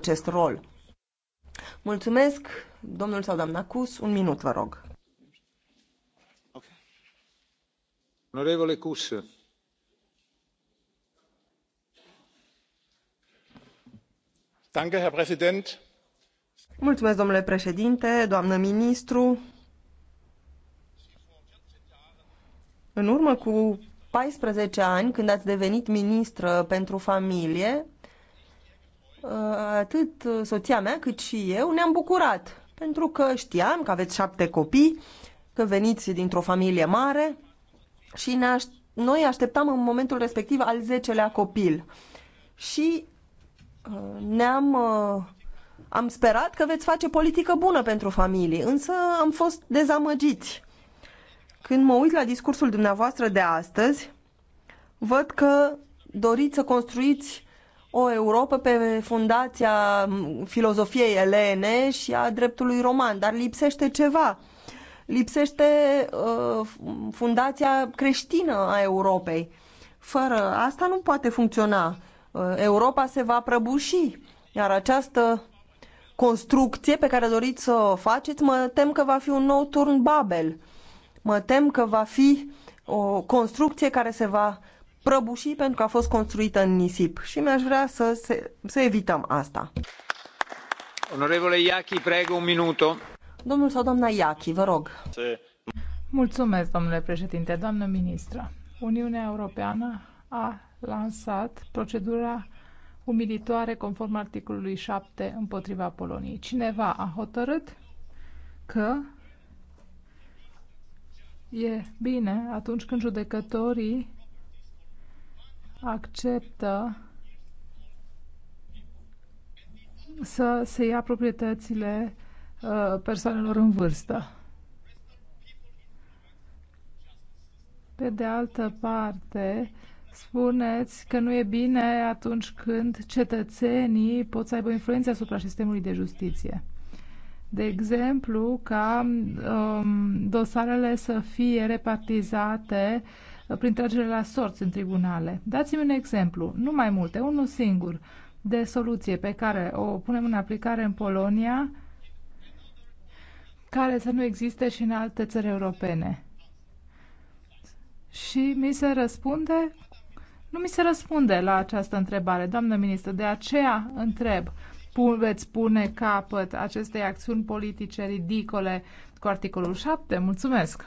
acest rol. Mulțumesc, domnul sau doamna Cus, un minut, vă rog. Onorevole Cus. Danke, Herr Präsident. Mulțumesc, domnule președinte, doamnă ministru. În urmă cu 14 ani, când ați devenit ministră pentru familie, Uh, atât soția mea cât și eu ne-am bucurat, pentru că știam că aveți șapte copii, că veniți dintr-o familie mare și ne aș- noi așteptam în momentul respectiv al zecelea copil. Și uh, ne-am uh, am sperat că veți face politică bună pentru familie, însă am fost dezamăgiți. Când mă uit la discursul dumneavoastră de astăzi, văd că doriți să construiți o Europa pe fundația filozofiei elene și a dreptului roman, dar lipsește ceva. Lipsește uh, fundația creștină a Europei. Fără asta nu poate funcționa. Uh, Europa se va prăbuși, iar această construcție pe care doriți să o faceți, mă tem că va fi un nou turn Babel. Mă tem că va fi o construcție care se va prăbuși pentru că a fost construită în nisip și mi-aș vrea să, se, să evităm asta. Onorevole Iachi, preg un minut. Domnul sau doamna Iachi, vă rog. Mulțumesc, domnule președinte, doamnă ministră. Uniunea Europeană a lansat procedura umilitoare conform articolului 7 împotriva Poloniei. Cineva a hotărât că e bine atunci când judecătorii acceptă să se ia proprietățile uh, persoanelor în vârstă. Pe de altă parte, spuneți că nu e bine atunci când cetățenii pot să aibă influență asupra sistemului de justiție. De exemplu, ca um, dosarele să fie repartizate uh, prin tragere la sorți în tribunale. Dați-mi un exemplu, nu mai multe, unul singur, de soluție pe care o punem în aplicare în Polonia, care să nu existe și în alte țări europene. Și mi se răspunde, nu mi se răspunde la această întrebare, doamnă ministru, de aceea întreb veți pune capăt acestei acțiuni politice ridicole cu articolul 7? Mulțumesc!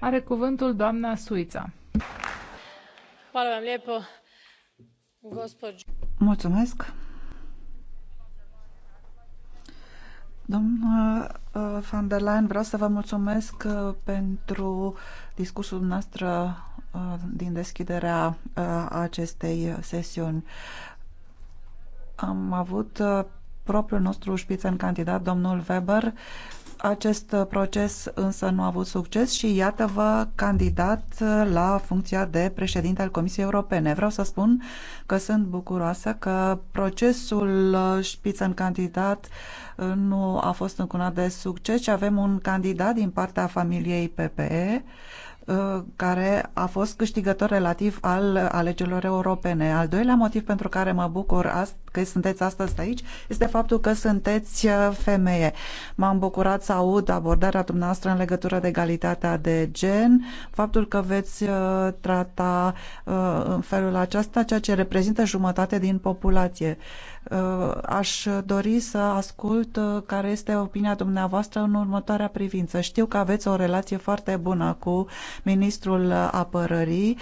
Are cuvântul doamna Suița. Mulțumesc. Domnul uh, van der Leyen, vreau să vă mulțumesc uh, pentru discursul noastră uh, din deschiderea acestei sesiuni. Am avut propriul nostru șpiță în candidat, domnul Weber, acest proces însă nu a avut succes și iată-vă candidat la funcția de președinte al Comisiei Europene. Vreau să spun că sunt bucuroasă că procesul în candidat uh, nu a fost încunat de succes și avem un candidat din partea familiei PPE uh, care a fost câștigător relativ al alegerilor europene. Al doilea motiv pentru care mă bucur astăzi că sunteți astăzi aici este faptul că sunteți uh, femeie. M-am bucurat să aud abordarea dumneavoastră în legătură de egalitatea de gen, faptul că veți uh, trata uh, în felul acesta ceea ce reprezintă jumătate din populație. Aș dori să ascult care este opinia dumneavoastră în următoarea privință. Știu că aveți o relație foarte bună cu ministrul apărării.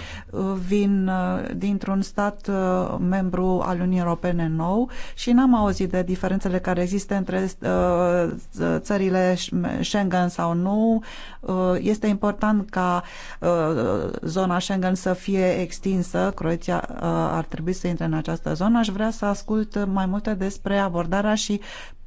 Vin dintr-un stat membru al Uniunii Europene nou și n-am auzit de diferențele care există între uh, țările Schengen sau nu. Uh, este important ca uh, zona Schengen să fie extinsă. Croația ar trebui să intre în această zonă. Aș vrea să ascult mai multe despre abordarea și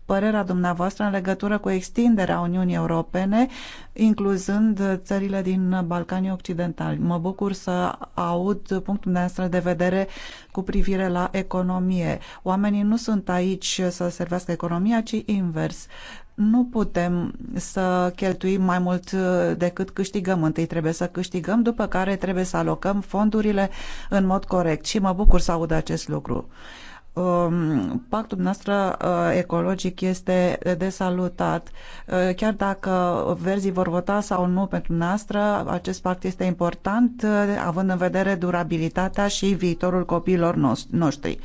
părerea dumneavoastră în legătură cu extinderea Uniunii Europene, incluzând țările din Balcanii Occidentali. Mă bucur să aud punctul dumneavoastră de vedere cu privire la economie. Oamenii nu sunt aici să servească economia, ci invers nu putem să cheltuim mai mult decât câștigăm. Întâi trebuie să câștigăm, după care trebuie să alocăm fondurile în mod corect și mă bucur să aud acest lucru. Um, pactul noastră uh, ecologic este de salutat. Uh, chiar dacă verzii vor vota sau nu pentru noastră, acest pact este important, uh, având în vedere durabilitatea și viitorul copiilor noștri.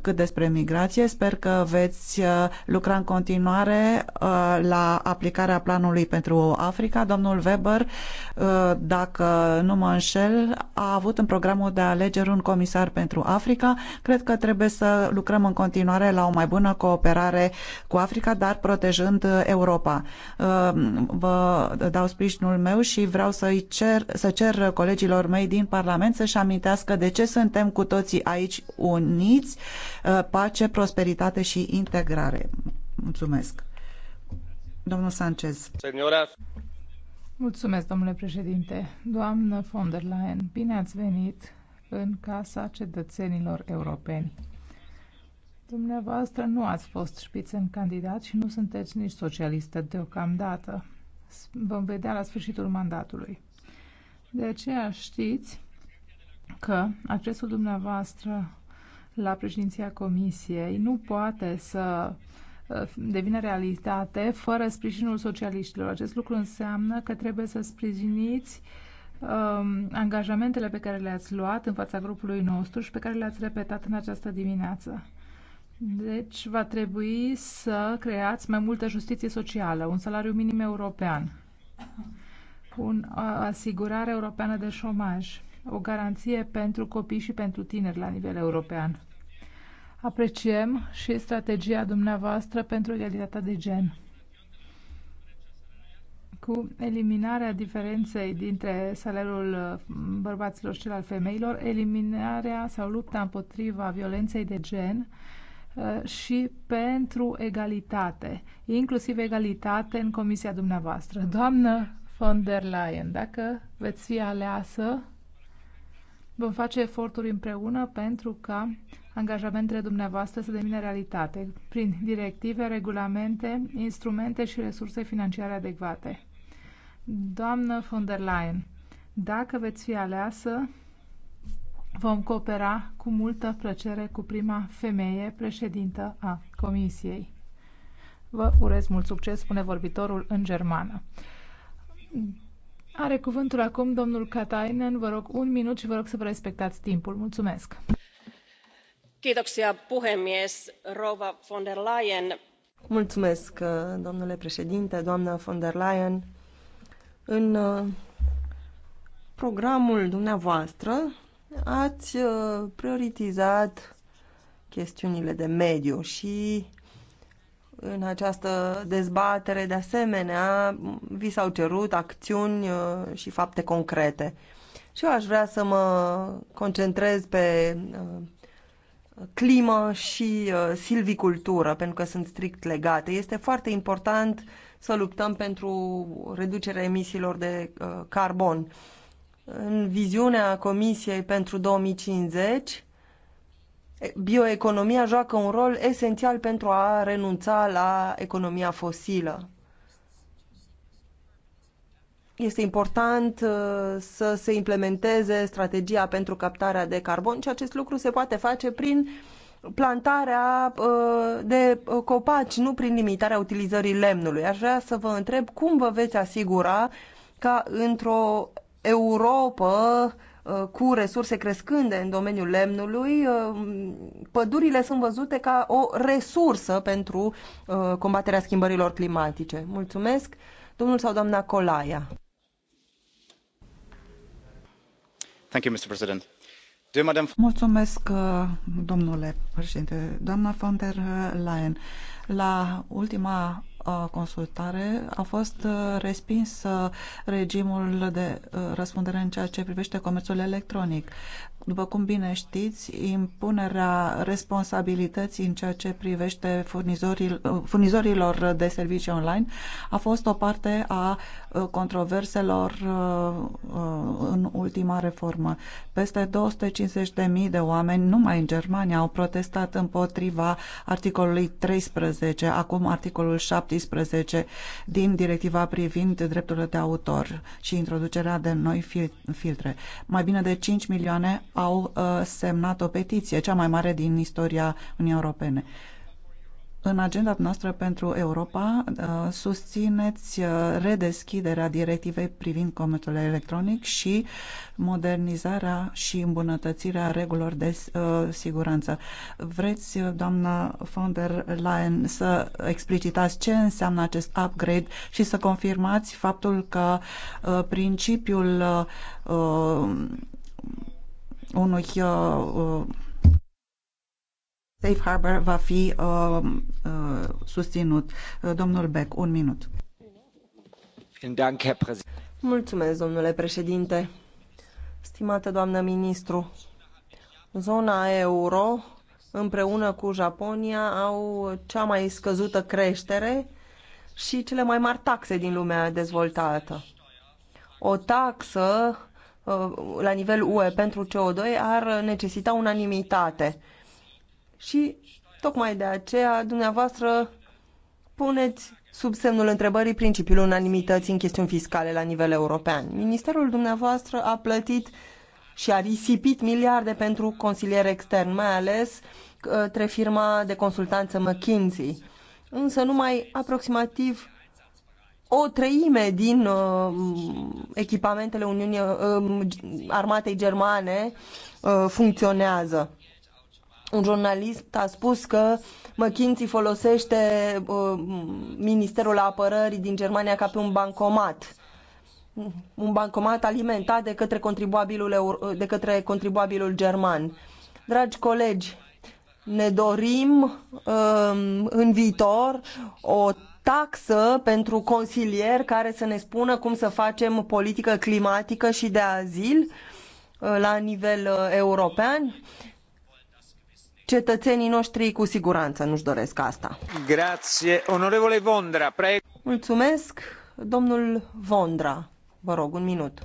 Cât despre migrație, sper că veți uh, lucra în continuare uh, la aplicarea planului pentru Africa. Domnul Weber, uh, dacă nu mă înșel, a avut în programul de alegeri un comisar pentru Africa. Cred că trebuie să lucrăm în continuare la o mai bună cooperare cu Africa, dar protejând Europa. Vă dau sprijinul meu și vreau să-i cer, să cer colegilor mei din Parlament să-și amintească de ce suntem cu toții aici uniți Uh, pace, prosperitate și integrare. Mulțumesc. Domnul Sanchez. Senora. Mulțumesc, domnule președinte. Doamnă von der Leyen, bine ați venit în Casa Cetățenilor Europeni. Dumneavoastră nu ați fost spițen candidat și nu sunteți nici socialistă deocamdată. Vom vedea la sfârșitul mandatului. De aceea știți că accesul dumneavoastră la președinția Comisiei nu poate să uh, devină realitate fără sprijinul socialiștilor. Acest lucru înseamnă că trebuie să sprijiniți um, angajamentele pe care le-ați luat în fața grupului nostru și pe care le-ați repetat în această dimineață. Deci va trebui să creați mai multă justiție socială, un salariu minim european, un asigurare europeană de șomaj, o garanție pentru copii și pentru tineri la nivel european Apreciem și strategia dumneavoastră pentru egalitatea de gen. Cu eliminarea diferenței dintre salariul uh, bărbaților și al femeilor, eliminarea sau lupta împotriva violenței de gen uh, și pentru egalitate, inclusiv egalitate în comisia dumneavoastră. Doamnă von der Leyen, dacă veți fi aleasă, vom face eforturi împreună pentru ca angajamentele dumneavoastră să devină realitate prin directive, regulamente, instrumente și resurse financiare adecvate. Doamnă von der Leyen, dacă veți fi aleasă, vom coopera cu multă plăcere cu prima femeie președintă a Comisiei. Vă urez mult succes, spune vorbitorul în germană. Are cuvântul acum domnul Katainen. Vă rog un minut și vă rog să vă respectați timpul. Mulțumesc! Mulțumesc, uh, domnule președinte doamnă von der leyen în uh, programul dumneavoastră ați uh, prioritizat chestiunile de mediu și în această dezbatere de asemenea vi s-au cerut acțiuni și fapte concrete. Și eu aș vrea să mă concentrez pe climă și uh, silvicultură, pentru că sunt strict legate. Este foarte important să luptăm pentru reducerea emisiilor de uh, carbon. În viziunea Comisiei pentru 2050, bioeconomia joacă un rol esențial pentru a renunța la economia fosilă. Este important uh, să se implementeze strategia pentru captarea de carbon și acest lucru se poate face prin plantarea uh, de uh, copaci, nu prin limitarea utilizării lemnului. Aș vrea să vă întreb cum vă veți asigura ca într-o Europa cu resurse crescânde în domeniul lemnului, pădurile sunt văzute ca o resursă pentru combaterea schimbărilor climatice. Mulțumesc, domnul sau doamna Colaia. Mulțumesc, uh, domnule președinte doamnă von der leyen la ultima consultare a fost uh, respins uh, regimul de uh, răspundere în ceea ce privește comerțul electronic. După cum bine știți, impunerea responsabilității în ceea ce privește furnizorilor de servicii online a fost o parte a controverselor în ultima reformă. Peste 250.000 de oameni numai în Germania au protestat împotriva articolului 13, acum articolul 17 2017 din directiva privind drepturile de autor și introducerea de noi filtre. Mai bine de 5 milioane au uh, semnat o petiție, cea mai mare din istoria Uniunii Europene. În agenda noastră pentru Europa uh, susțineți uh, redeschiderea directivei privind comerțul electronic și modernizarea și îmbunătățirea regulilor de uh, siguranță. Vreți, doamnă von der Leyen, să explicitați ce înseamnă acest upgrade și să confirmați faptul că principiul unui Safe Harbor va fi uh, uh, susținut. Uh, domnul Beck, un minut. Mulțumesc, domnule președinte. Stimată doamnă ministru, zona euro împreună cu Japonia au cea mai scăzută creștere și cele mai mari taxe din lumea dezvoltată. O taxă uh, la nivel UE pentru CO2 ar necesita unanimitate și tocmai de aceea, dumneavoastră, puneți sub semnul întrebării principiul unanimității în chestiuni fiscale la nivel european. Ministerul dumneavoastră a plătit și a risipit miliarde pentru consilier extern, mai ales către uh, firma de consultanță McKinsey. Însă numai aproximativ o treime din uh, echipamentele Uniunii uh, Armatei Germane uh, funcționează un jurnalist a spus că McKinsey folosește uh, Ministerul Apărării din Germania ca pe un bancomat. Un bancomat alimentat de către contribuabilul, de către contribuabilul german. Dragi colegi, ne dorim uh, în viitor o taxă pentru consilier care să ne spună cum să facem politică climatică și de azil uh, la nivel uh, european cetățenii noștri cu siguranță nu-și doresc asta. Grazie. Onorevole Vondra, preg. Mulțumesc. Domnul Vondra, vă rog, un minut.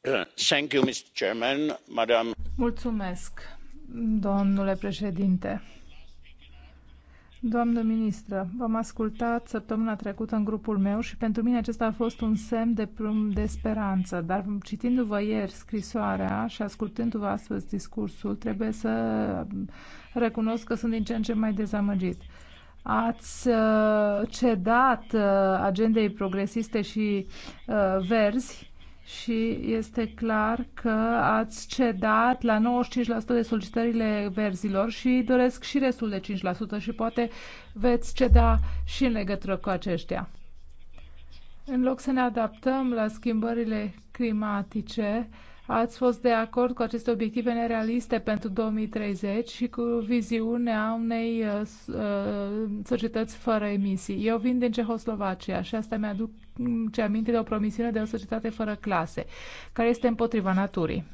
Uh, thank you, Mr. Chairman, Madam. Mulțumesc, domnule președinte Doamnă ministră, v-am ascultat săptămâna trecută în grupul meu și pentru mine acesta a fost un semn de, de speranță, dar citindu-vă ieri scrisoarea și ascultându-vă astăzi discursul, trebuie să recunosc că sunt din ce în ce mai dezamăgit. Ați uh, cedat uh, agendei progresiste și uh, verzi și este clar că ați cedat la 95% de solicitările verzilor și doresc și restul de 5% și poate veți ceda și în legătură cu aceștia. În loc să ne adaptăm la schimbările climatice, uh, Ați fost de acord cu aceste obiective nerealiste pentru 2030 și cu viziunea unei uh, societăți fără emisii. Eu vin din Cehoslovacia și asta mi-aduc ce aminte de o promisiune de o societate fără clase, care este împotriva naturii.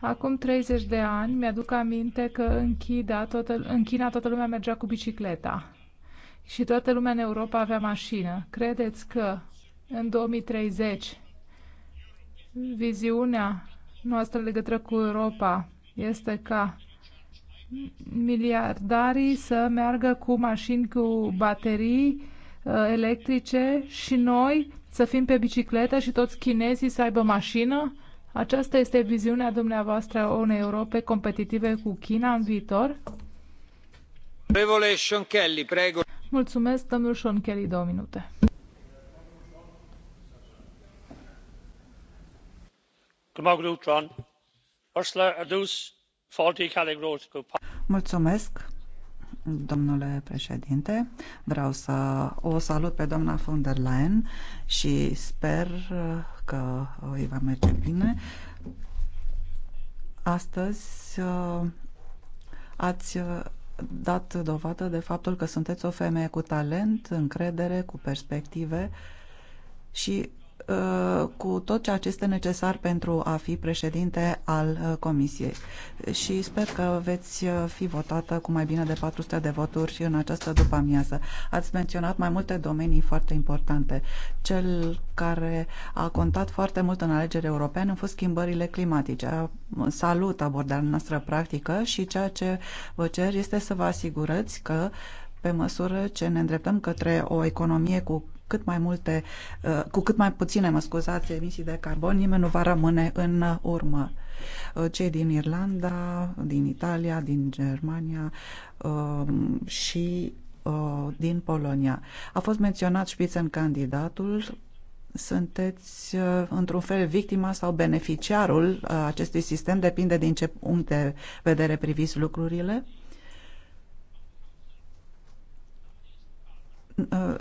Acum 30 de ani mi-aduc aminte că în China, toată, în China toată lumea mergea cu bicicleta și toată lumea în Europa avea mașină. Credeți că în 2030 Viziunea noastră legătură cu Europa este ca miliardarii să meargă cu mașini cu baterii uh, electrice și noi să fim pe bicicletă și toți chinezii să aibă mașină? Aceasta este viziunea dumneavoastră a unei Europe competitive cu China în viitor? Mulțumesc, domnul Sean Kelly, două minute. Mulțumesc, domnule președinte. Vreau să o salut pe doamna von der Leyen și sper că îi va merge bine. Astăzi ați dat dovadă de faptul că sunteți o femeie cu talent, încredere, cu perspective și Uh, cu tot ceea ce este necesar pentru a fi președinte al uh, Comisiei. Și sper că veți uh, fi votată cu mai bine de 400 de voturi și în această după-amiază. Ați menționat mai multe domenii foarte importante. Cel care a contat foarte mult în alegeri europene au fost schimbările climatice. Salut abordarea noastră practică și ceea ce vă cer este să vă asigurați că uh, pe măsură ce ne îndreptăm către o economie cu cât mai multe, uh, cu cât mai puține, mă scuzați, emisii de carbon, nimeni nu va rămâne în urmă. Uh, cei din Irlanda, din Italia, din Germania uh, și din Polonia. A fost menționat în candidatul sunteți într-un fel victima sau beneficiarul acestui sistem, depinde din ce punct de vedere priviți lucrurile. Uh,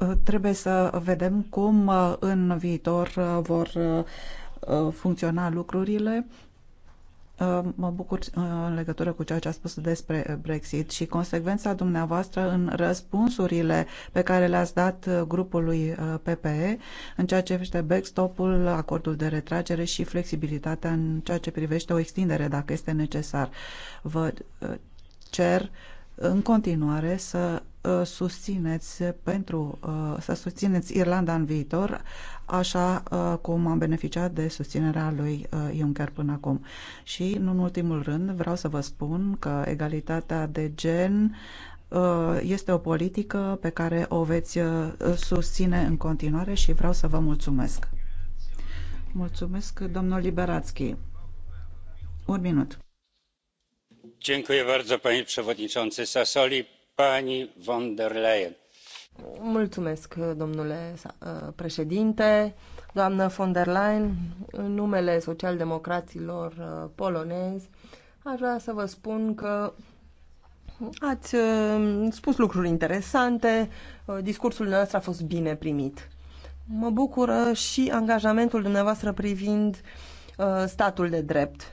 uh, trebuie să vedem cum uh, în viitor vor funcționa lucrurile. Mă bucur în legătură cu ceea ce a spus despre Brexit și consecvența dumneavoastră în răspunsurile pe care le-ați dat grupului PPE în ceea ce privește backstop-ul, acordul de retragere și flexibilitatea în ceea ce privește o extindere dacă este necesar. Vă cer în continuare să uh, susțineți pentru uh, să susțineți Irlanda în viitor, așa uh, cum am beneficiat de susținerea lui Juncker până acum. Și, în ultimul rând, vreau să vă spun că egalitatea de gen este o politică pe care o veți susține în continuare și vreau să vă mulțumesc. Mulțumesc, domnul Liberațchi. Un minut domnule președinte uh, președinte doamnă von der leyen în numele social democraților uh, polonezi aș vrea să vă spun că ați uh, spus lucruri interesante discursul dumneavoastră a fost bine primit. Mă bucură și angajamentul dumneavoastră privind statul de drept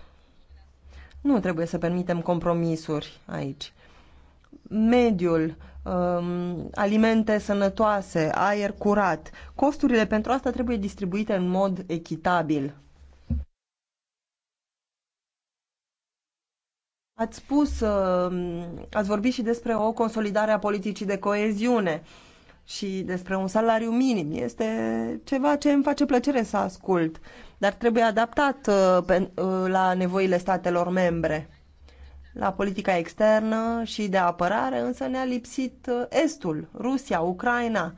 nu trebuie să permitem compromisuri aici. Mediul, um, alimente sănătoase, aer curat, costurile pentru asta trebuie distribuite în mod echitabil. Ați spus, um, ați vorbit și despre o consolidare a politicii de coeziune și despre un salariu minim. Este ceva ce îmi face plăcere să ascult, dar trebuie adaptat uh, uh, la nevoile statelor membre. La politica externă și de apărare însă ne-a lipsit uh, Estul, Rusia, Ucraina.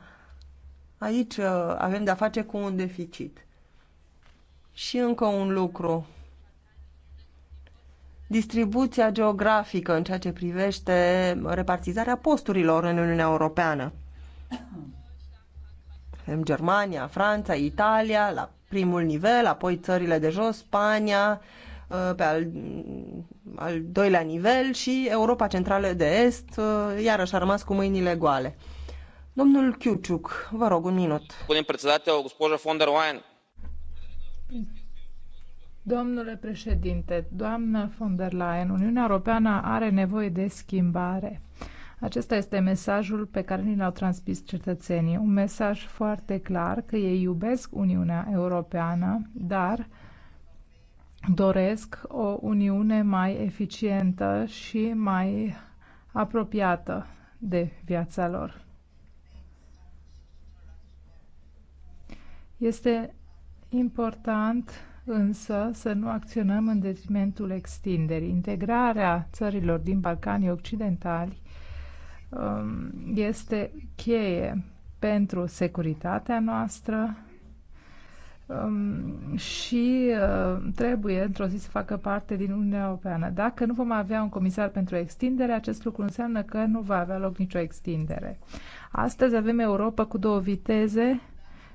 Aici avem de-a face cu un deficit. Și încă un lucru. Distribuția geografică în ceea ce privește repartizarea posturilor în Uniunea Europeană. Avem Germania, Franța, Italia la primul nivel, apoi țările de jos, Spania uh, pe al, al doilea nivel și Europa Centrală de Est uh, iarăși a rămas cu mâinile goale. Domnul Chiuciuc, vă rog un minut. Punem prețedate, госпожа von der Leyen. Domnule președinte, doamnă von der Leyen, Uniunea Europeană are nevoie de schimbare. Acesta este mesajul pe care ni l-au transmis cetățenii. Un mesaj foarte clar că ei iubesc Uniunea Europeană, dar doresc o Uniune mai eficientă și mai apropiată de viața lor. Este important însă să nu acționăm în detrimentul extinderii. Integrarea țărilor din Balcanii Occidentali Um, este cheie pentru securitatea noastră um, și uh, trebuie într-o zi să facă parte din Uniunea Europeană. Dacă nu vom avea un comisar pentru extindere, acest lucru înseamnă că nu va avea loc nicio extindere. Astăzi avem Europa cu două viteze,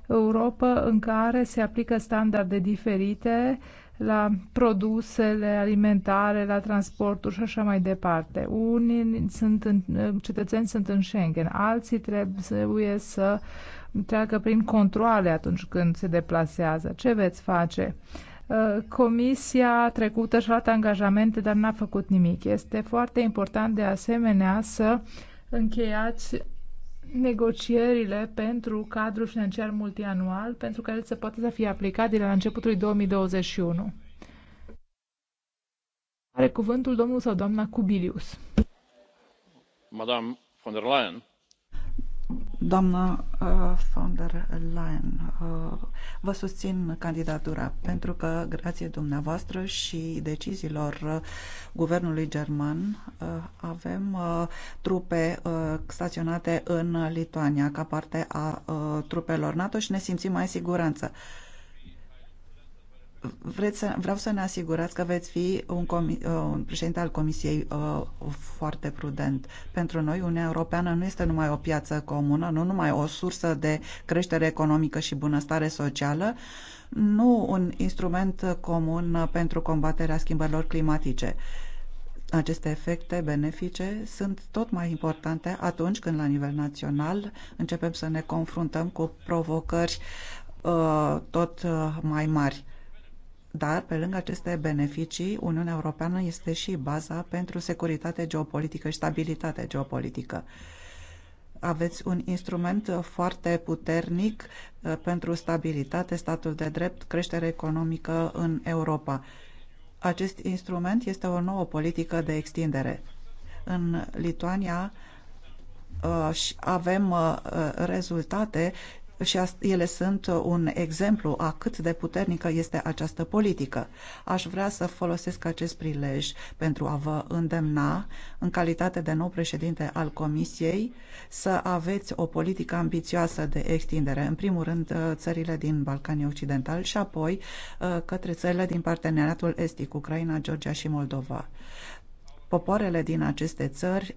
Europa în care se aplică standarde diferite la produsele alimentare, la transporturi și așa mai departe. Unii sunt în, cetățeni sunt în Schengen, alții trebuie să treacă prin controle atunci când se deplasează. Ce veți face? Uh, comisia trecută și-a luat angajamente, dar n-a făcut nimic. Este foarte important de asemenea să încheiați negocierile pentru cadrul financiar multianual, pentru care se poate să fie aplicat de la începutul 2021. Are cuvântul domnul sau doamna Cubilius. Madame von der Leyen. Doamna uh, von der Leyen, uh, vă susțin candidatura pentru că, grație dumneavoastră și deciziilor uh, guvernului german, avem trupe staționate în Lituania ca parte a trupelor NATO și ne simțim mai siguranță vreți să, vreau să ne asigurați că veți fi un, comi, uh, un președinte al Comisiei uh, foarte prudent. Pentru noi, Uniunea Europeană nu este numai o piață comună, nu numai o sursă de creștere economică și bunăstare socială, nu un instrument comun pentru combaterea schimbărilor climatice. Aceste efecte benefice sunt tot mai importante atunci când, la nivel național, începem să ne confruntăm cu provocări uh, tot uh, mai mari dar, pe lângă aceste beneficii, Uniunea Europeană este și baza pentru securitate geopolitică și stabilitate geopolitică. Aveți un instrument foarte puternic uh, pentru stabilitate, statul de drept, creștere economică în Europa. Acest instrument este o nouă politică de extindere. În Lituania uh, avem uh, rezultate și ele sunt uh, un exemplu a cât de puternică este această politică. Aș vrea să folosesc acest prilej pentru a vă îndemna, în calitate de nou președinte al Comisiei, să aveți o politică ambițioasă de extindere, în primul rând uh, țările din Balcanii Occidentali și apoi uh, către țările din parteneriatul estic, Ucraina, Georgia și Moldova popoarele din aceste țări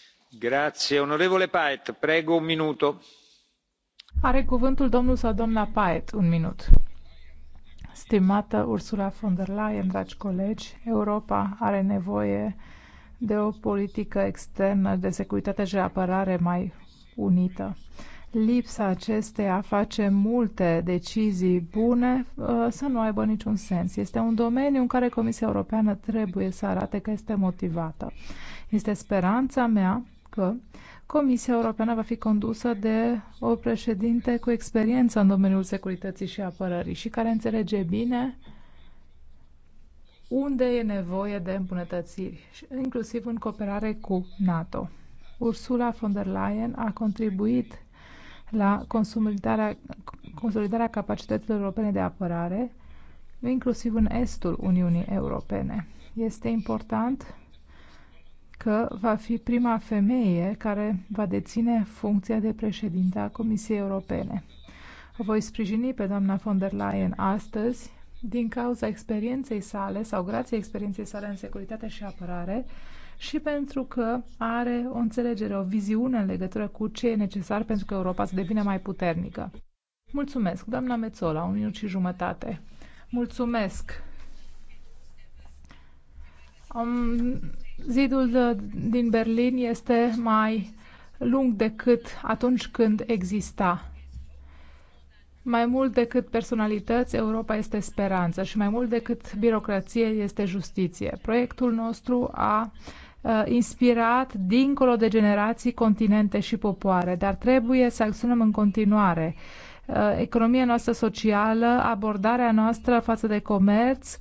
domnule președinte are cuvântul domnul sau paet un minut. stimată ursula von der leyen dragi colegi europa are nevoie de o politică externă de securitate și apărare mai unită. Lipsa acesteia face multe decizii bune uh, să nu aibă niciun sens. Este un domeniu în care Comisia Europeană trebuie să arate că este motivată. Este speranța mea că Comisia Europeană va fi condusă de o președinte cu experiență în domeniul securității și apărării și care înțelege bine unde e nevoie de îmbunătățiri, inclusiv în cooperare cu NATO. Ursula von der Leyen a contribuit la consolidarea, consolidarea capacităților europene de apărare, inclusiv în estul Uniunii Europene. Este important că va fi prima femeie care va deține funcția de președinte a Comisiei Europene. O voi sprijini pe doamna von der Leyen astăzi din cauza experienței sale sau grație experienței sale în securitate și apărare și pentru că are o înțelegere, o viziune în legătură cu ce e necesar pentru că Europa să devină mai puternică. Mulțumesc, doamna Mețola, un minut și jumătate. Mulțumesc. Um, Zidul din Berlin este mai lung decât atunci când exista. Mai mult decât personalități, Europa este speranță și mai mult decât birocrație este justiție. Proiectul nostru a inspirat dincolo de generații, continente și popoare, dar trebuie să acționăm în continuare. Economia noastră socială, abordarea noastră față de comerț,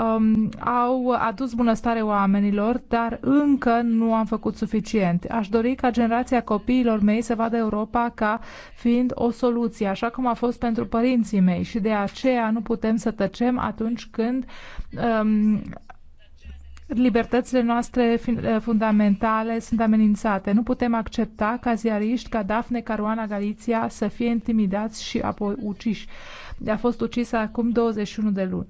um, au adus bunăstare oamenilor, dar încă nu am făcut suficient. Aș dori ca generația copiilor mei să vadă Europa ca fiind o soluție, așa cum a fost pentru părinții mei și de aceea nu putem să tăcem atunci când um, libertățile noastre uh, fundamentale sunt amenințate. Nu putem accepta ca ziariști ca Dafne Caruana Galiția să fie intimidați și apoi uciși. A fost ucisă acum 21 de luni.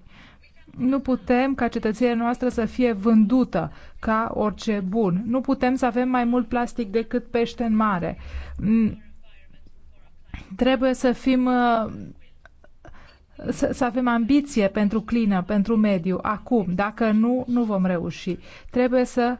Nu putem ca cetățenia noastră să fie vândută ca orice bun. Nu putem să avem mai mult plastic decât pește în mare. Mm, trebuie să fim uh, să, să avem ambiție pentru clină, pentru mediu, acum. Dacă nu, nu vom reuși. Trebuie să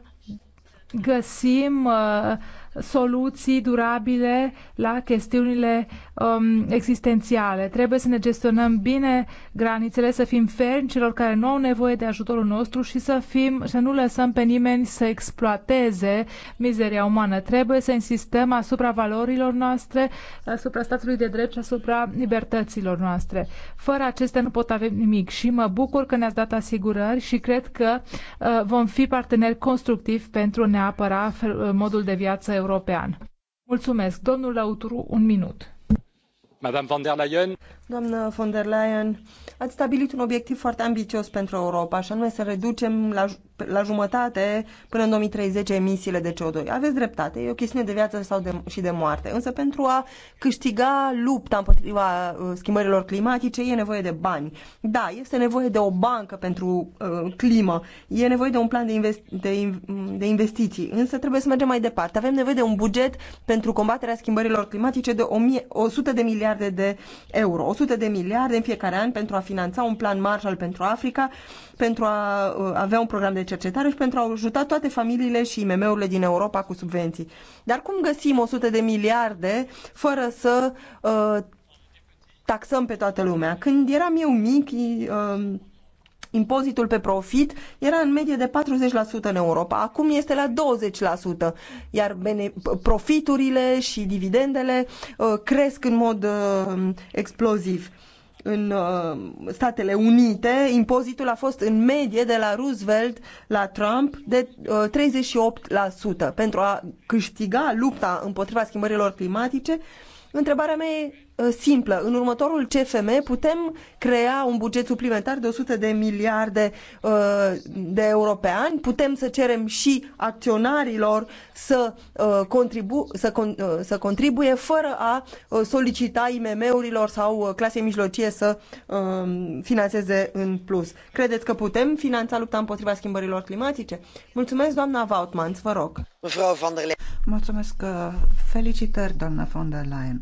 găsim uh, soluții durabile la chestiunile um, existențiale. Trebuie să ne gestionăm bine granițele, să fim fermi celor care nu au nevoie de ajutorul nostru și să, fim, să nu lăsăm pe nimeni să exploateze mizeria umană. Trebuie să insistăm asupra valorilor noastre, asupra statului de drept și asupra libertăților noastre. Fără acestea nu pot avea nimic și mă bucur că ne-ați dat asigurări și cred că uh, vom fi parteneri constructivi pentru a ne apăra uh, modul de viață european. Mulțumesc. Domnul Lautru, un minut. Madame von der Leyen. Doamnă von der Leyen, ați stabilit un obiectiv foarte ambițios pentru Europa, și anume să reducem la la jumătate până în 2030 emisiile de CO2. Aveți dreptate, e o chestiune de viață sau de, și de moarte. Însă pentru a câștiga lupta împotriva uh, schimbărilor climatice e nevoie de bani. Da, este nevoie de o bancă pentru uh, climă, e nevoie de un plan de, investi- de, de investiții, însă trebuie să mergem mai departe. Avem nevoie de un buget pentru combaterea schimbărilor climatice de 100 de miliarde de euro, 100 de miliarde în fiecare an pentru a finanța un plan Marshall pentru Africa, pentru a uh, avea un program de cercetare și pentru a ajuta toate familiile și IMM-urile din Europa cu subvenții. Dar cum găsim 100 de miliarde fără să uh, taxăm pe toată lumea? Când eram eu mic, uh, Impozitul pe profit era în medie de 40% în Europa, acum este la 20%, iar profiturile și dividendele cresc în mod exploziv în uh, Statele Unite, impozitul a fost în medie de la Roosevelt la Trump de 38%. Uh, Pentru a câștiga lupta împotriva schimbărilor climatice, întrebarea mea e Uh, simplă. În următorul CFM putem crea un buget suplimentar de 100 de miliarde uh, de euro pe an, putem să cerem și acționarilor să, uh, contribu- să, con- să contribuie fără a solicita IMM-urilor sau clasei mijlocie să um, financeze în plus. Credeți că putem finanța lupta împotriva schimbărilor climatice? Mulțumesc, doamna Vautmans, vă rog. Mulțumesc. Felicitări, doamna von der Leyen.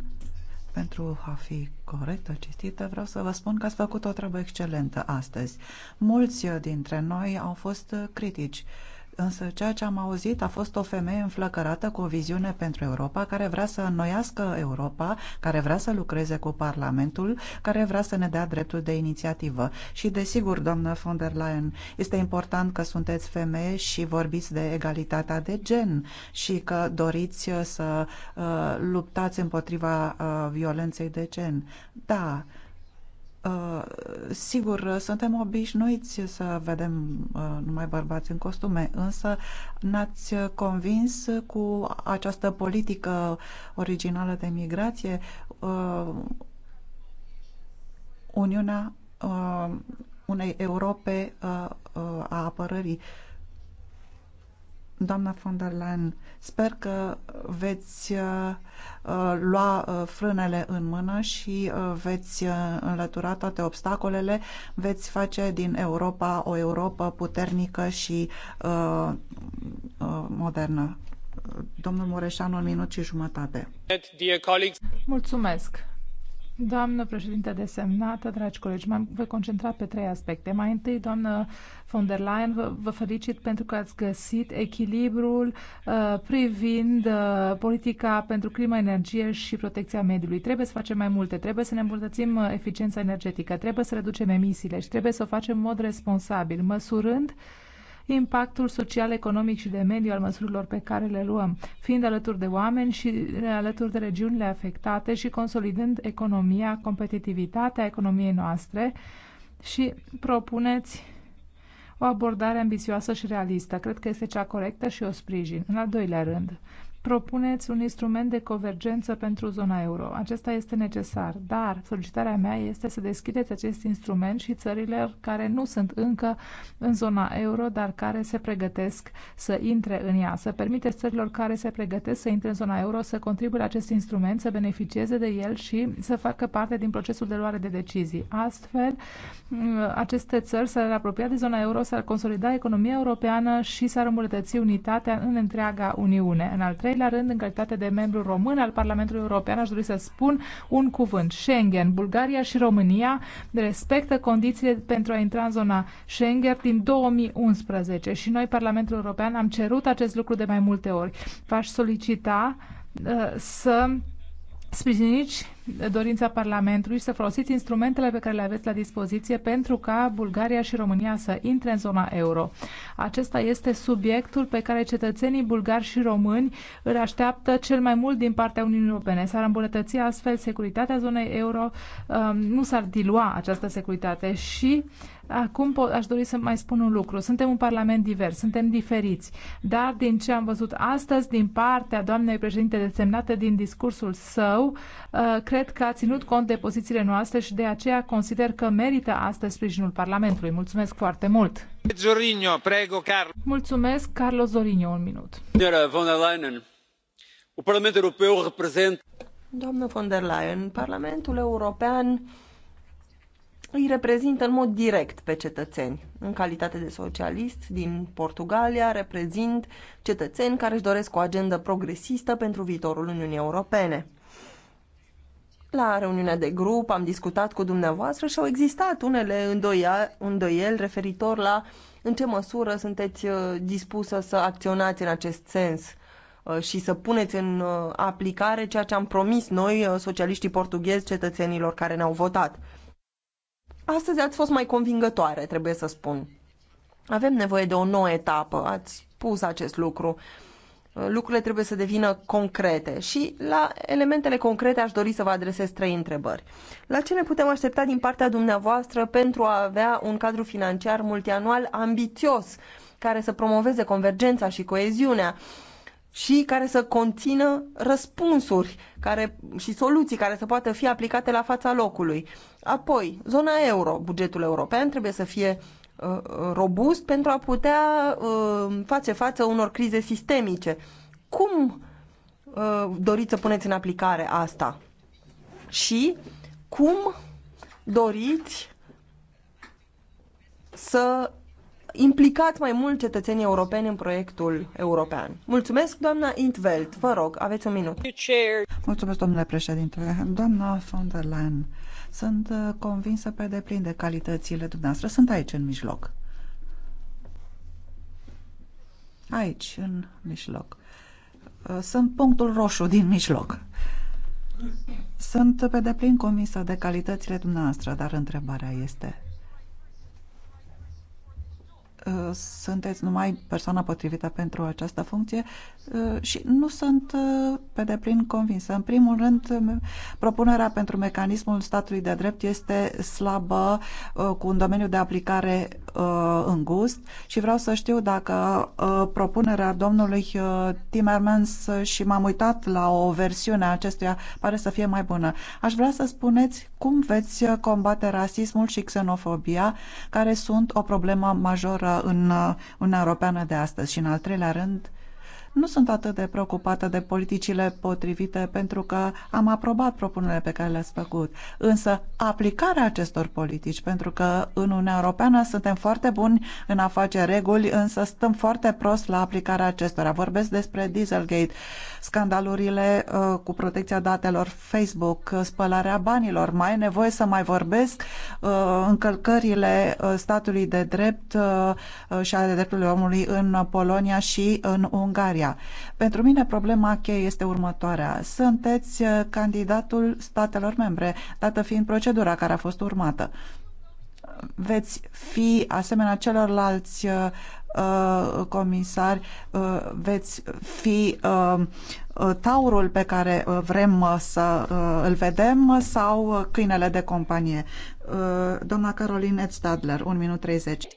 Pentru a fi corectă, citită, vreau să vă spun că ați făcut o treabă excelentă astăzi. Mulți dintre noi au fost critici Însă ceea ce am auzit a fost o femeie înflăcărată cu o viziune pentru Europa, care vrea să înnoiască Europa, care vrea să lucreze cu Parlamentul, care vrea să ne dea dreptul de inițiativă. Și desigur, doamnă von der Leyen, este important că sunteți femeie și vorbiți de egalitatea de gen și că doriți să uh, luptați împotriva uh, violenței de gen. Da, uh, Uh, sigur, suntem obișnuiți să vedem uh, numai bărbați în costume, însă n ați convins cu această politică originală de migrație uh, Uniunea unei Europe a apărării. Doamna von der Leyen, sper că veți uh, uh, lua uh, frânele în mână și veți înlătura toate obstacolele, veți face din Europa o Europa puternică și modernă. Domnul Mureșanu, un minut și jumătate. Mulțumesc. Doamnă președinte desemnată, dragi colegi, m-am voi concentra pe trei aspecte. Mai întâi, doamnă von der Leyen, vă, vă felicit pentru că ați găsit echilibrul uh, privind uh, politica pentru climă, energie și protecția mediului. Trebuie să facem mai multe, trebuie să ne îmbunătățim uh, eficiența energetică, trebuie să reducem emisiile și trebuie să o facem în mod responsabil, măsurând uh, impactul social, economic și de mediu al măsurilor pe care le luăm, fiind alături de oameni și alături de regiunile afectate și consolidând economia, competitivitatea economiei noastre și propuneți o abordare ambițioasă și realistă. Cred că este cea corectă și o sprijin. În al doilea rând, propuneți un instrument de convergență pentru zona euro. Acesta este necesar, dar solicitarea mea este să deschideți acest instrument și țările care nu sunt încă în zona euro, dar care se pregătesc să intre în ea. Să permiteți țărilor care se pregătesc să intre în zona euro să contribuie la acest instrument, să beneficieze de el și să facă parte din procesul de luare de decizii. Astfel, aceste țări s-ar apropia de zona euro, s-ar consolida economia europeană și s-ar îmbunătăți unitatea în întreaga Uniune. În al treilea treilea rând, în calitate de membru român al Parlamentului European, aș dori să spun un cuvânt. Schengen, Bulgaria și România respectă condițiile pentru a intra în zona Schengen din 2011 și noi, Parlamentul European, am cerut acest lucru de mai multe ori. V-aș solicita uh, să sprijiniți dorința Parlamentului să folosiți instrumentele pe care le aveți la dispoziție pentru ca Bulgaria și România să intre în zona euro. Acesta este subiectul pe care cetățenii bulgari și români îl așteaptă cel mai mult din partea Uniunii Europene. S-ar îmbunătăți astfel securitatea zonei euro, um, nu s-ar dilua această securitate și Acum aș dori să mai spun un lucru. Suntem un parlament divers, suntem diferiți, dar din ce am văzut astăzi din partea doamnei președinte desemnată din discursul său, uh, cred că a ținut cont de pozițiile noastre și de aceea consider că merită astăzi sprijinul Parlamentului. Mulțumesc foarte mult! Zorinio, prego, Carlo. Mulțumesc, Carlos Zorinio, un minut. Parlamentul European Doamnă von der Leyen, Parlamentul European îi reprezintă în mod direct pe cetățeni. În calitate de socialist din Portugalia, reprezint cetățeni care își doresc o agendă progresistă pentru viitorul Uniunii Europene. La reuniunea de grup am discutat cu dumneavoastră și au existat unele îndoieli referitor la în ce măsură sunteți uh, dispusă să acționați în acest sens uh, și să puneți în uh, aplicare ceea ce am promis noi, socialiștii portughezi, cetățenilor care ne-au votat. Astăzi ați fost mai convingătoare, trebuie să spun. Avem nevoie de o nouă etapă, ați spus acest lucru. Lucrurile trebuie să devină concrete și la elementele concrete aș dori să vă adresez trei întrebări. La ce ne putem aștepta din partea dumneavoastră pentru a avea un cadru financiar multianual ambițios care să promoveze convergența și coeziunea? și care să conțină răspunsuri care, și soluții care să poată fi aplicate la fața locului. Apoi, zona euro, bugetul european trebuie să fie uh, uh, robust pentru a putea uh, face față unor crize sistemice. Cum uh, doriți să puneți în aplicare asta? Și cum doriți să implicați mai mult cetățenii europeni în proiectul european. Mulțumesc, doamna Intveld. Vă rog, aveți un minut. Mulțumesc, domnule președinte. Doamna von der Leyen, sunt uh, convinsă pe deplin de calitățile dumneavoastră. Sunt aici, în mijloc. Aici, în mijloc. Uh, sunt punctul roșu din mijloc. Sunt pe deplin convinsă de calitățile dumneavoastră, dar întrebarea este Uh, sunteți numai persoana potrivită pentru această funcție uh, și nu sunt uh, pe deplin convinsă. În primul rând, propunerea pentru mecanismul statului de drept este slabă, cu un domeniu de aplicare uh, îngust și vreau să știu dacă uh, propunerea domnului uh, Timmermans uh, și m-am uitat la o versiune a acestuia, pare să fie mai bună. Aș vrea să spuneți cum veți uh, combate rasismul și xenofobia, care sunt o problemă majoră în uh, Uniunea Europeană de astăzi. Și în al treilea rând, nu sunt atât de preocupată de politicile potrivite pentru că am aprobat propunerile pe care le-ați făcut. Însă aplicarea acestor politici, pentru că în Uniunea Europeană suntem foarte buni în a face reguli, însă stăm foarte prost la aplicarea acestora. Vorbesc despre Dieselgate, scandalurile uh, cu protecția datelor Facebook, spălarea banilor. Mai e nevoie să mai vorbesc uh, încălcările uh, statului de drept uh, uh, și ale drepturilor omului în Polonia și în Ungaria ea. Pentru mine problema cheie este următoarea. Sunteți uh, candidatul statelor membre, dată fiind procedura care a fost urmată veți fi asemenea celorlalți uh, Uh, comisari, uh, veți fi uh, taurul pe care vrem să îl vedem sau câinele de companie. Doamna Caroline Stadler, 1 minut 30.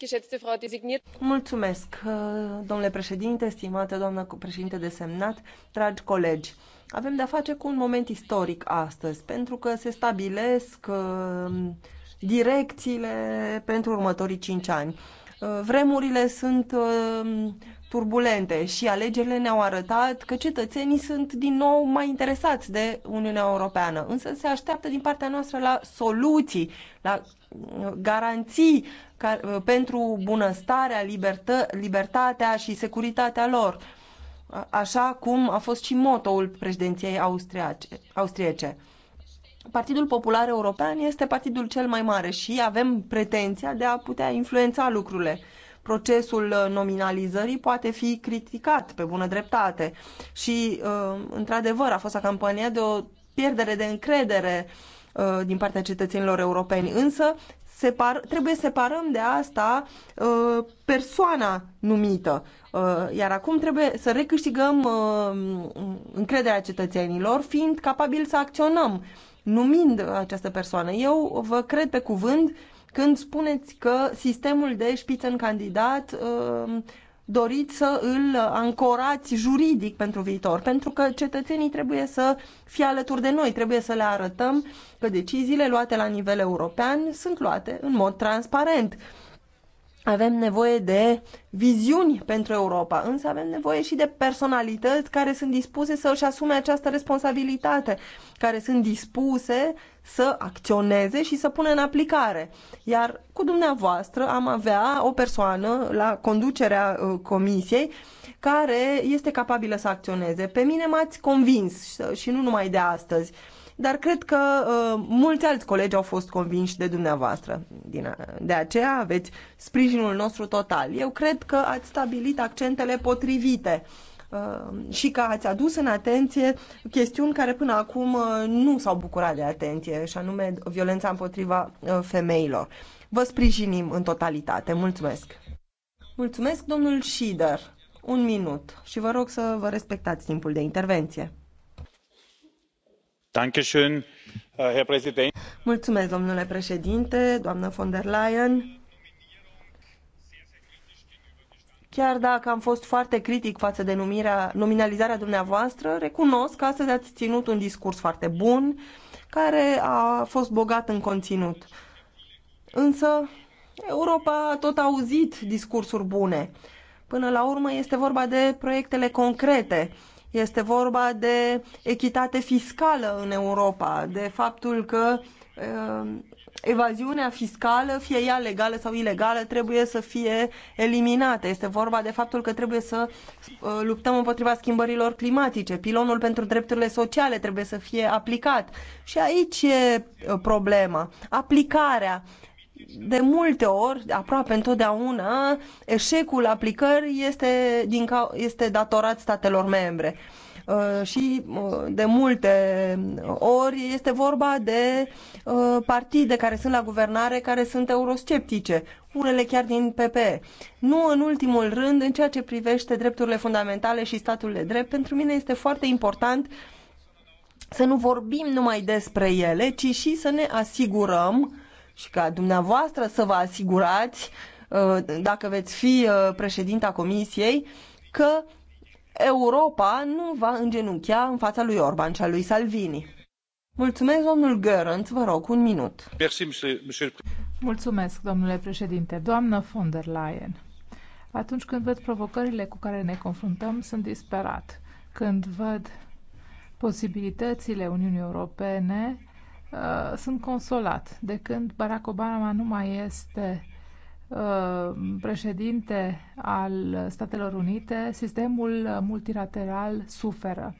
Mulțumesc, domnule președinte, stimată doamnă președinte de semnat, dragi colegi. Avem de-a face cu un moment istoric astăzi, pentru că se stabilesc direcțiile pentru următorii cinci ani Uh, vremurile sunt uh, turbulente și alegerile ne-au arătat că cetățenii sunt din nou mai interesați de Uniunea Europeană, însă se așteaptă din partea noastră la soluții, la uh, garanții pentru bunăstarea, libertă, libertatea și securitatea lor, așa cum a fost și motoul președinției austriace. austriece. Partidul Popular European este partidul cel mai mare și avem pretenția de a putea influența lucrurile. Procesul uh, nominalizării poate fi criticat pe bună dreptate și, uh, într-adevăr, a fost acompaniat de o pierdere de încredere uh, din partea cetățenilor europeni. Însă, separ, trebuie separăm de asta persoana numită. iar acum trebuie să recâștigăm încrederea cetățenilor, fiind capabili să acționăm numind această persoană. Eu vă cred pe cuvânt când spuneți că sistemul de în candidat um, doriți să îl ancorați juridic pentru viitor, pentru că cetățenii trebuie să fie alături de noi, trebuie să le arătăm că deciziile luate la nivel european sunt luate în mod transparent avem nevoie de viziuni pentru Europa, însă avem nevoie și de personalități care sunt dispuse să își asume această responsabilitate, care sunt dispuse să acționeze și să pună în aplicare. Iar cu dumneavoastră am avea o persoană la conducerea uh, comisiei care este capabilă să acționeze. Pe mine m-ați convins și nu numai de astăzi dar cred că uh, mulți alți colegi au fost convinși de dumneavoastră. Din, de aceea aveți sprijinul nostru total. Eu cred că ați stabilit accentele potrivite uh, și că ați adus în atenție chestiuni care până acum uh, nu s-au bucurat de atenție, și anume violența împotriva uh, femeilor. Vă sprijinim în totalitate. Mulțumesc! Mulțumesc, domnul Șider. Un minut și vă rog să vă respectați timpul de intervenție domnule președinte, doamnă von der Leyen. Chiar dacă am fost foarte critic față de numirea, nominalizarea dumneavoastră, recunosc că astăzi ați ținut un discurs foarte bun, care a fost bogat în conținut. Însă, Europa a tot auzit discursuri bune. Până la urmă, este vorba de proiectele concrete este vorba de echitate fiscală în Europa, de faptul că uh, evaziunea fiscală, fie ea legală sau ilegală, trebuie să fie eliminată. Este vorba de faptul că trebuie să uh, luptăm împotriva schimbărilor climatice. Pilonul pentru drepturile sociale trebuie să fie aplicat. Și aici e uh, problema. Aplicarea de multe ori, aproape întotdeauna, eșecul aplicării este, din ca, este datorat statelor membre. Uh, și uh, de multe uh, ori este vorba de partide care sunt la guvernare, care sunt eurosceptice, unele chiar din PPE. Nu în ultimul rând, în ceea ce privește drepturile fundamentale și statul de drept, pentru mine este foarte important să nu vorbim numai despre ele, ci și să ne asigurăm și ca dumneavoastră să vă asigurați, uh, dacă veți fi uh, președinta Comisiei, că Europa nu va îngenunchea în fața lui Orban și a lui Salvini. Mulțumesc, domnul Gărânț, vă rog, un minut. Mulțumesc, domnule președinte. Doamnă von der Leyen, atunci când văd provocările cu care ne confruntăm, sunt disperat. Când văd posibilitățile Uniunii Europene Uh, sunt consolat de când Barack Obama nu mai este uh, președinte al Statelor Unite, sistemul multilateral suferă.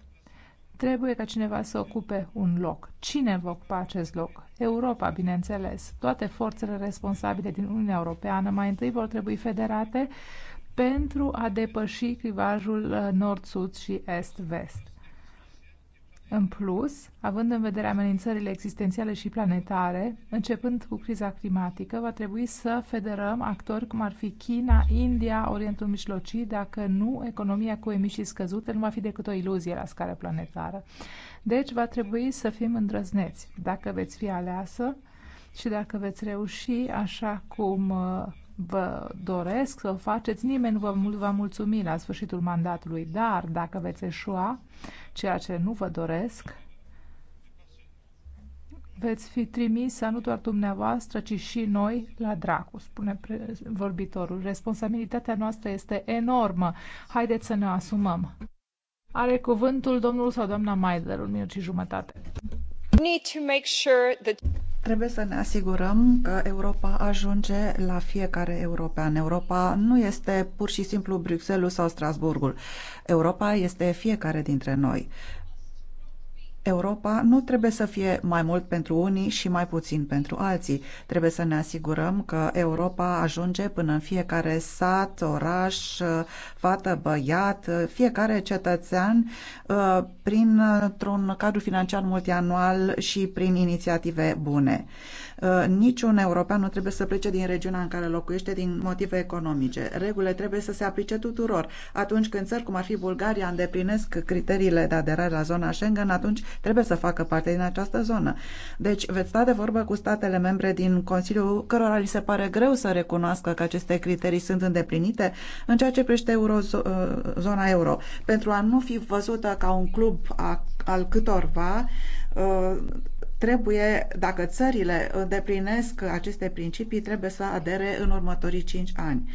Trebuie ca cineva să ocupe un loc. Cine va ocupa acest loc? Europa, bineînțeles. Toate forțele responsabile din Uniunea Europeană mai întâi vor trebui federate pentru a depăși clivajul uh, nord-sud și est-vest. În plus, având în vedere amenințările existențiale și planetare, începând cu criza climatică, va trebui să federăm actori cum ar fi China, India, Orientul Mijlociu, dacă nu, economia cu emisii scăzute nu va fi decât o iluzie la scară planetară. Deci va trebui să fim îndrăzneți. Dacă veți fi aleasă și dacă veți reuși, așa cum uh, vă doresc să o faceți, nimeni vă, va mulțumi la sfârșitul mandatului, dar dacă veți eșua, ceea ce nu vă doresc, veți fi trimisă nu doar dumneavoastră, ci și noi la dracu, spune vorbitorul. Responsabilitatea noastră este enormă. Haideți să ne asumăm. Are cuvântul domnul sau doamna Maider, un minut și jumătate. Need to make sure that... Trebuie să ne asigurăm că Europa ajunge la fiecare european. Europa nu este pur și simplu Bruxelles sau Strasburgul. Europa este fiecare dintre noi. Europa nu trebuie să fie mai mult pentru unii și mai puțin pentru alții. Trebuie să ne asigurăm că Europa ajunge până în fiecare sat, oraș, fată, băiat, fiecare cetățean uh, printr-un cadru financiar multianual și prin inițiative bune. Uh, niciun european nu trebuie să plece din regiunea în care locuiește din motive economice. Regulile trebuie să se aplice tuturor. Atunci când țări cum ar fi Bulgaria îndeplinesc criteriile de aderare la zona Schengen, atunci trebuie să facă parte din această zonă. Deci veți sta de vorbă cu statele membre din Consiliu, cărora li se pare greu să recunoască că aceste criterii sunt îndeplinite în ceea ce privește euro, uh, zona euro, pentru a nu fi văzută ca un club al câtorva uh, trebuie, dacă țările îndeplinesc aceste principii, trebuie să adere în următorii 5 ani.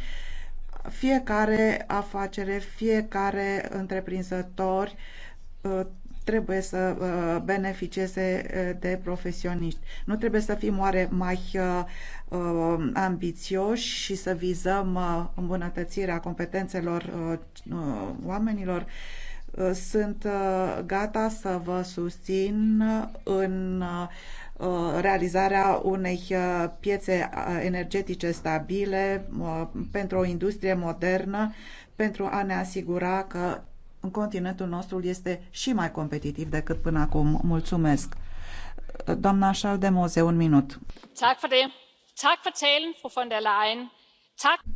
Fiecare afacere, fiecare întreprinzător uh, trebuie să uh, beneficieze uh, de profesioniști. Nu trebuie să fim oare mai uh, ambițioși și să vizăm îmbunătățirea competențelor oamenilor. Sunt gata să vă susțin în realizarea unei piețe energetice stabile pentru o industrie modernă, pentru a ne asigura că continentul nostru este și mai competitiv decât până acum. Mulțumesc. Doamna Șaldemoze, un minut.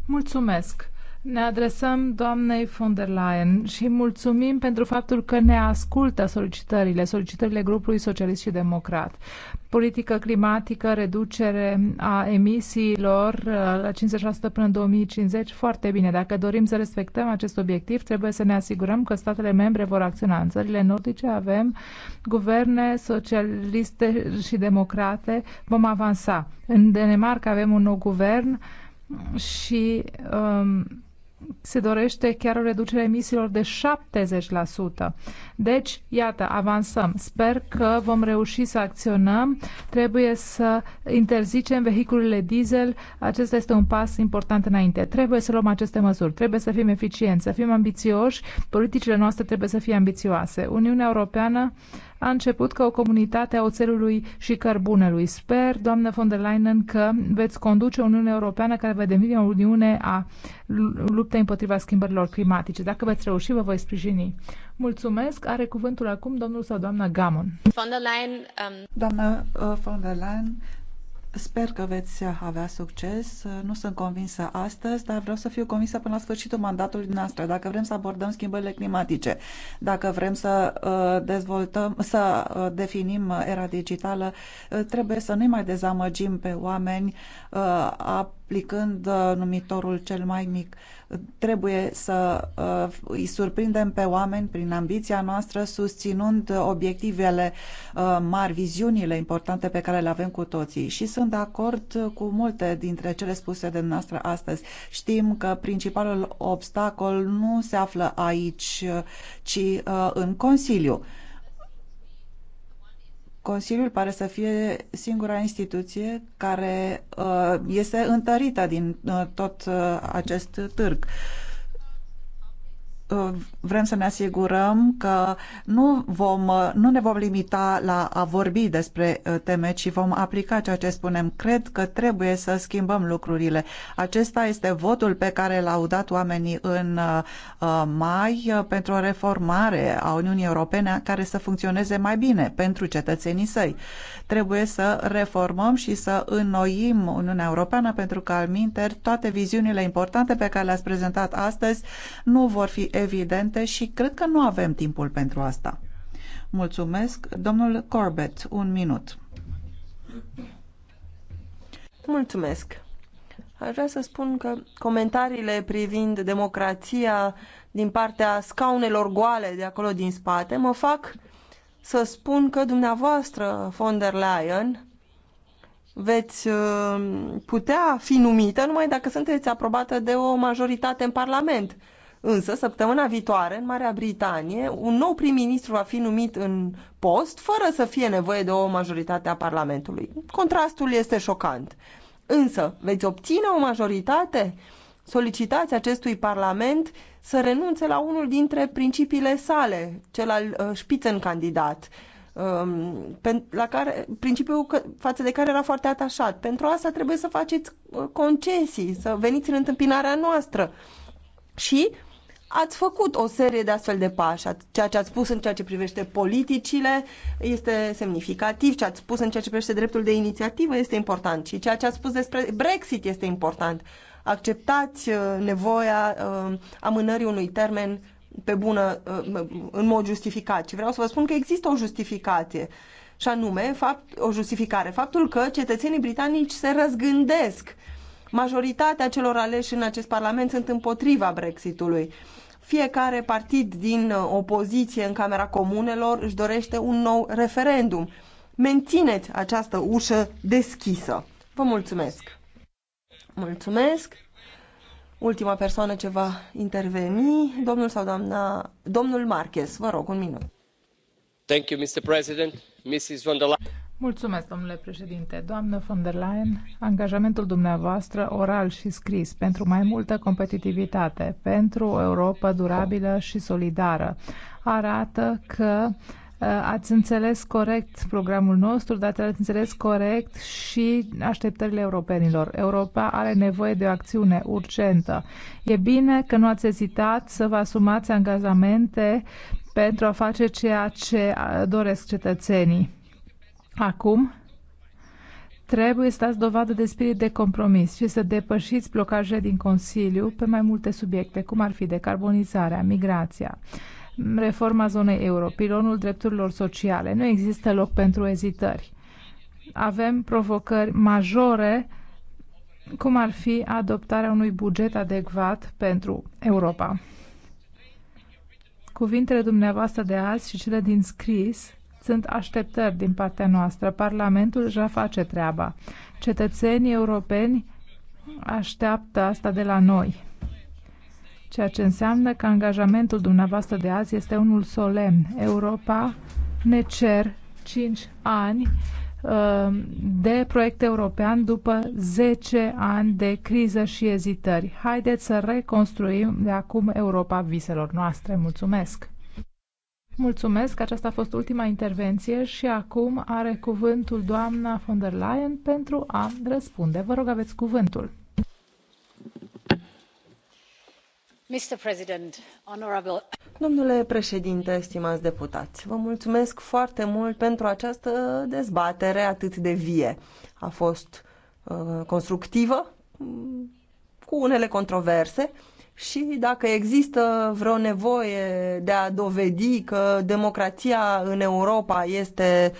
Mulțumesc. Ne adresăm doamnei von der Leyen și mulțumim pentru faptul că ne ascultă solicitările, solicitările grupului socialist și democrat politică climatică, reducere a emisiilor uh, la 50% până în 2050, foarte bine. Dacă dorim să respectăm acest obiectiv, trebuie să ne asigurăm că statele membre vor acționa. În țările nordice avem guverne socialiste și democrate, vom avansa. În Danemarca avem un nou guvern și um, se dorește chiar o reducere a emisiilor de 70%. Deci, iată, avansăm. Sper că vom reuși să acționăm. Trebuie să interzicem vehiculele diesel. Acesta este un pas important înainte. Trebuie să luăm aceste măsuri. Trebuie să fim eficienți, să fim ambițioși. Politicile noastre trebuie să fie ambițioase. Uniunea Europeană a început ca o comunitate a oțelului și cărbunelui. Sper, doamnă von der Leyen, că veți conduce o Uniune Europeană care va deveni o Uniune a luptei împotriva schimbărilor climatice. Dacă veți reuși, vă voi sprijini. Mulțumesc. Are cuvântul acum domnul sau doamna Gamon. Von der Leyen, um... Doamna uh, von der Leyen, Sper că veți avea succes. Nu sunt convinsă astăzi, dar vreau să fiu convinsă până la sfârșitul mandatului noastră. Dacă vrem să abordăm schimbările climatice, dacă vrem să uh, dezvoltăm, să uh, definim era digitală, uh, trebuie să nu mai dezamăgim pe oameni aplicând numitorul cel mai mic. Trebuie să uh, îi surprindem pe oameni prin ambiția noastră, susținând obiectivele uh, mari, viziunile importante pe care le avem cu toții. Și sunt de acord cu multe dintre cele spuse de noastră astăzi. Știm că principalul obstacol nu se află aici, ci uh, în Consiliu. Consiliul pare să fie singura instituție care uh, este întărită din uh, tot uh, acest târg. Uh, vrem să ne asigurăm că nu, vom, nu ne vom limita la a vorbi despre uh, teme, ci vom aplica ceea ce spunem. Cred că trebuie să schimbăm lucrurile. Acesta este votul pe care l-au dat oamenii în uh, mai uh, pentru o reformare a Uniunii Europene care să funcționeze mai bine pentru cetățenii săi. Trebuie să reformăm și să înnoim Uniunea Europeană pentru că, al minter, toate viziunile importante pe care le-ați prezentat astăzi nu vor fi evidente amendamente și cred că nu avem timpul pentru asta. Mulțumesc. Domnul Corbett, un minut. Mulțumesc. Aș vrea să spun că comentariile privind democrația din partea scaunelor goale de acolo din spate mă fac să spun că dumneavoastră, von der Leyen, veți uh, putea fi numită numai dacă sunteți aprobată de o majoritate în Parlament. Însă, săptămâna viitoare, în Marea Britanie, un nou prim-ministru va fi numit în post fără să fie nevoie de o majoritate a Parlamentului. Contrastul este șocant. Însă, veți obține o majoritate? Solicitați acestui Parlament să renunțe la unul dintre principiile sale, cel al uh, candidat, um, la care, principiul față de care era foarte atașat. Pentru asta trebuie să faceți uh, concesii, să veniți în întâmpinarea noastră. Și ați făcut o serie de astfel de pași. Ceea ce ați spus în ceea ce privește politicile este semnificativ, ce ați spus în ceea ce privește dreptul de inițiativă este important și ceea ce ați spus despre Brexit este important. Acceptați uh, nevoia uh, amânării unui termen pe bună, uh, în mod justificat. Și vreau să vă spun că există o justificație și anume fapt, o justificare, faptul că cetățenii britanici se răzgândesc. Majoritatea celor aleși în acest parlament sunt împotriva Brexitului. Fiecare partid din uh, opoziție în Camera Comunelor își dorește un nou referendum. Mențineți această ușă deschisă. Vă mulțumesc! Mulțumesc! Ultima persoană ce va interveni, domnul sau doamna, domnul Marquez, vă rog, un minut. Thank you, Mr. President. Mrs. Von der Leyen. Mulțumesc, domnule președinte. Doamnă von der Leyen, angajamentul dumneavoastră oral și scris pentru mai multă competitivitate, pentru o Europa durabilă și solidară, arată că uh, ați înțeles corect programul nostru, dar ați înțeles corect și așteptările europenilor. Europa are nevoie de o acțiune urgentă. E bine că nu ați ezitat să vă asumați angajamente pentru a face ceea ce uh, doresc cetățenii Acum trebuie să dați dovadă de spirit de compromis și să depășiți blocaje din Consiliu pe mai multe subiecte, cum ar fi decarbonizarea, migrația, reforma zonei euro, pilonul drepturilor sociale. Nu există loc pentru ezitări. Avem provocări majore cum ar fi adoptarea unui buget adecvat pentru Europa. Cuvintele dumneavoastră de azi și cele din scris sunt așteptări din partea noastră. Parlamentul își face treaba. Cetățenii europeni așteaptă asta de la noi. Ceea ce înseamnă că angajamentul dumneavoastră de azi este unul solemn. Europa ne cer 5 ani uh, de proiect european după 10 ani de criză și ezitări. Haideți să reconstruim de acum Europa viselor noastre. Mulțumesc! Mulțumesc, aceasta a fost ultima intervenție și acum are cuvântul doamna von der Leyen pentru a răspunde. Vă rog, aveți cuvântul. Honorable... Domnule președinte, stimați deputați, vă mulțumesc foarte mult pentru această dezbatere atât de vie. A fost uh, constructivă, mm, cu unele controverse, și dacă există vreo nevoie de a dovedi că democrația în Europa este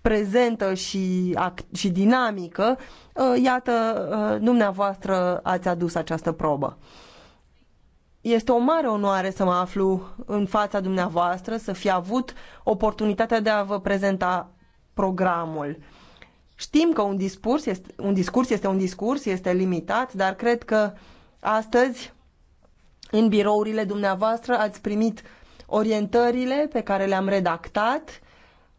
prezentă și, și dinamică, ă, iată, ă, dumneavoastră ați adus această probă. Este o mare onoare să mă aflu în fața dumneavoastră, să fi avut oportunitatea de a vă prezenta programul. Știm că un discurs este un discurs, este un discurs, este limitat, dar cred că astăzi în birourile dumneavoastră ați primit orientările pe care le-am redactat,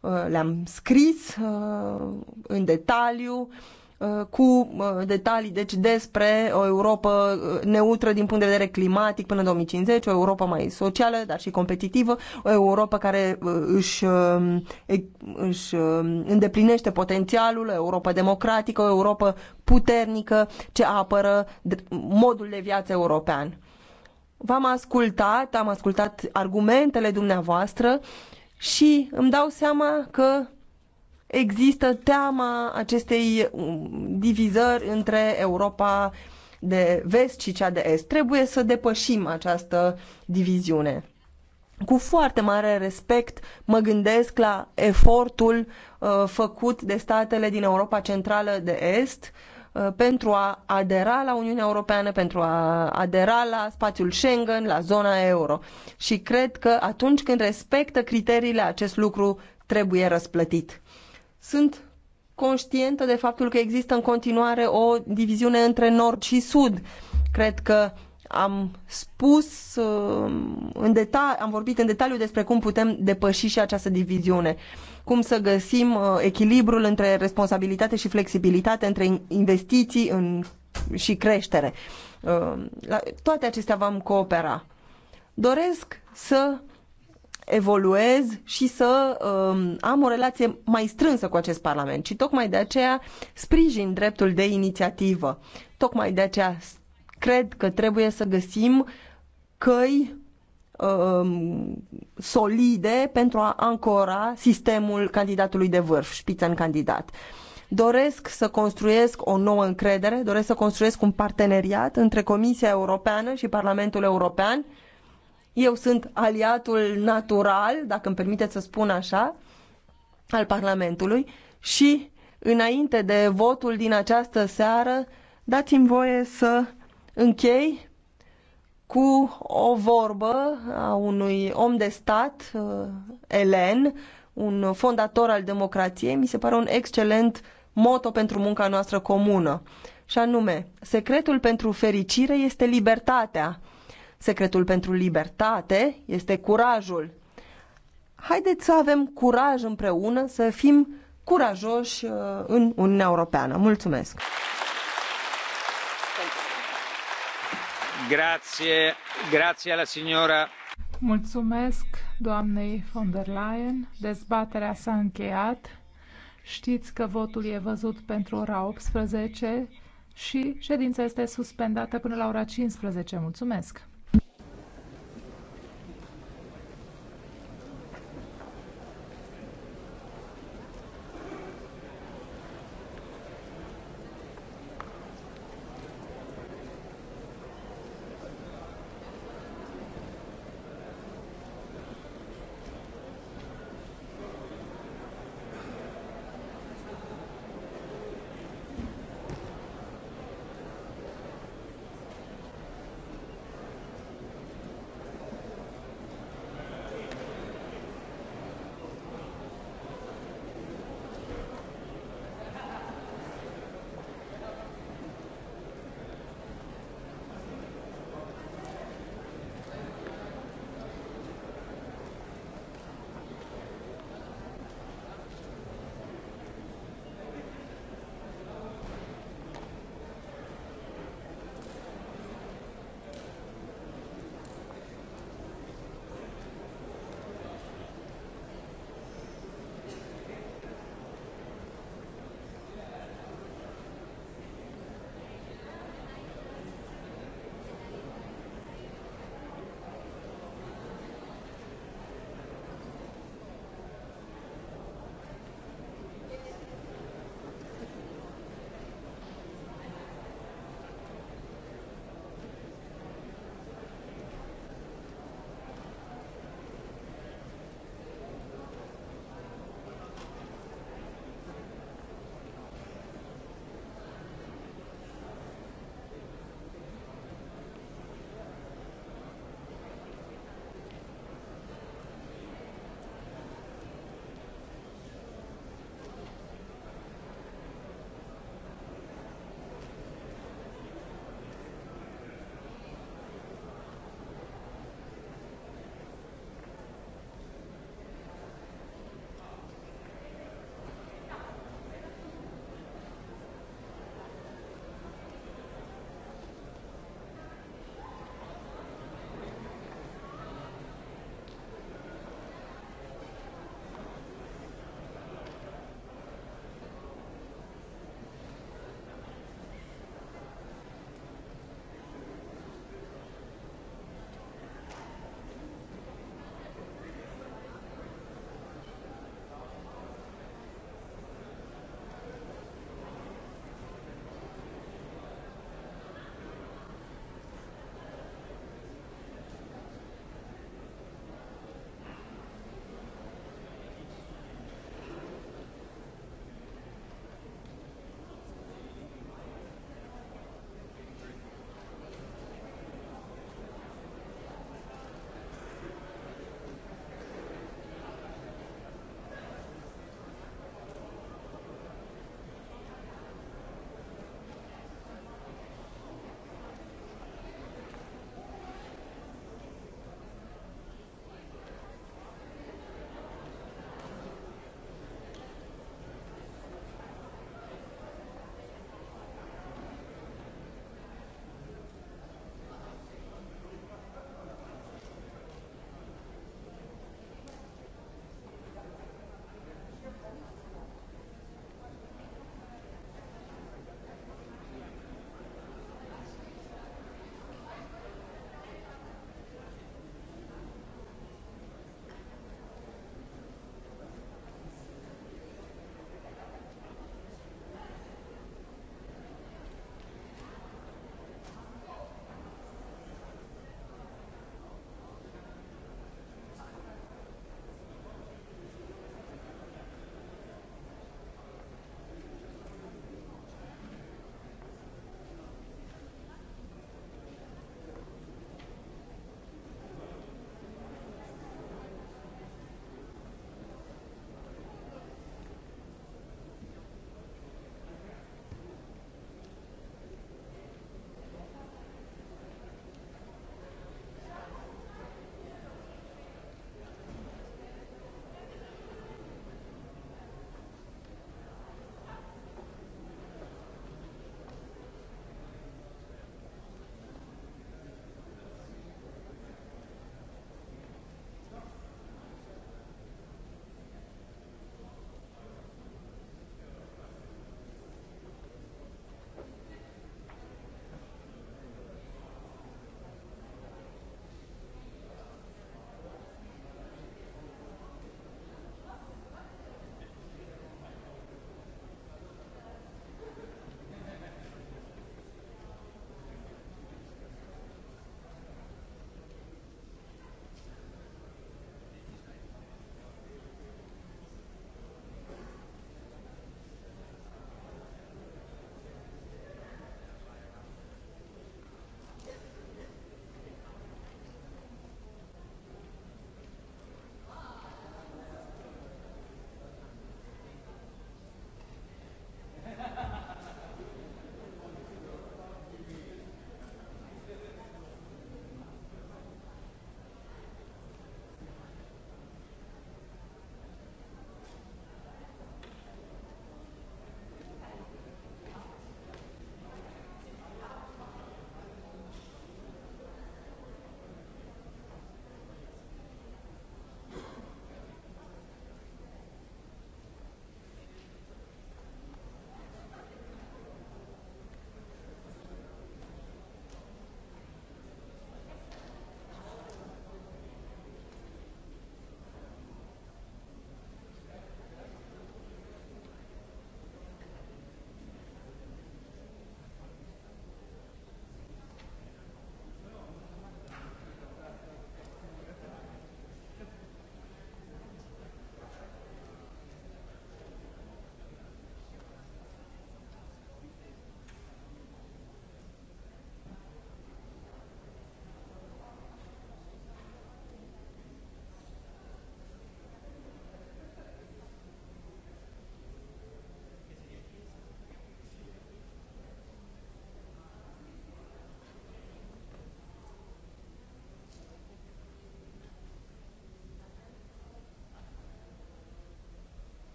uh, le-am scris uh, în detaliu, uh, cu detalii deci despre o Europa neutră din punct de vedere climatic până în 2050, o Europa mai socială, dar și competitivă, o Europa care își, um, își um, îndeplinește potențialul, o Europa democratică, o Europa puternică ce apără modul de viață european. V-am ascultat, am ascultat argumentele dumneavoastră și îmi dau seama că există teama acestei um, divizări între Europa de vest și cea de est. Trebuie să depășim această diviziune. Cu foarte mare respect mă gândesc la efortul uh, făcut de statele din Europa Centrală de Est Uh, pentru a adera la Uniunea Europeană, pentru a adera la spațiul Schengen, la zona euro. Și cred că atunci când respectă criteriile, acest lucru trebuie răsplătit. Sunt conștientă de faptul că există în continuare o diviziune între nord și sud. Cred că am spus um, în detaliu, am vorbit în detaliu despre cum putem depăși și această diviziune, cum să găsim uh, echilibrul între responsabilitate și flexibilitate, între investiții în, și creștere. Um, la toate acestea vom coopera. Doresc să evoluez și să um, am o relație mai strânsă cu acest Parlament. Și tocmai de aceea sprijin dreptul de inițiativă. Tocmai de aceea Cred că trebuie să găsim căi um, solide pentru a ancora sistemul candidatului de vârf, în candidat. Doresc să construiesc o nouă încredere, doresc să construiesc un parteneriat între Comisia Europeană și Parlamentul European. Eu sunt aliatul natural, dacă îmi permiteți să spun așa, al Parlamentului și înainte de votul din această seară, dați-mi voie să Închei cu o vorbă a unui om de stat, uh, Elen, un fondator al democrației, mi se pare un excelent moto pentru munca noastră comună. Și anume, secretul pentru fericire este libertatea. Secretul pentru libertate este curajul. Haideți să avem curaj împreună, să fim curajoși uh, în Uniunea Europeană. Mulțumesc! Mulțumesc doamnei von der Leyen. Dezbaterea s-a încheiat. Știți că votul e văzut pentru ora 18 și ședința este suspendată până la ora 15. Mulțumesc!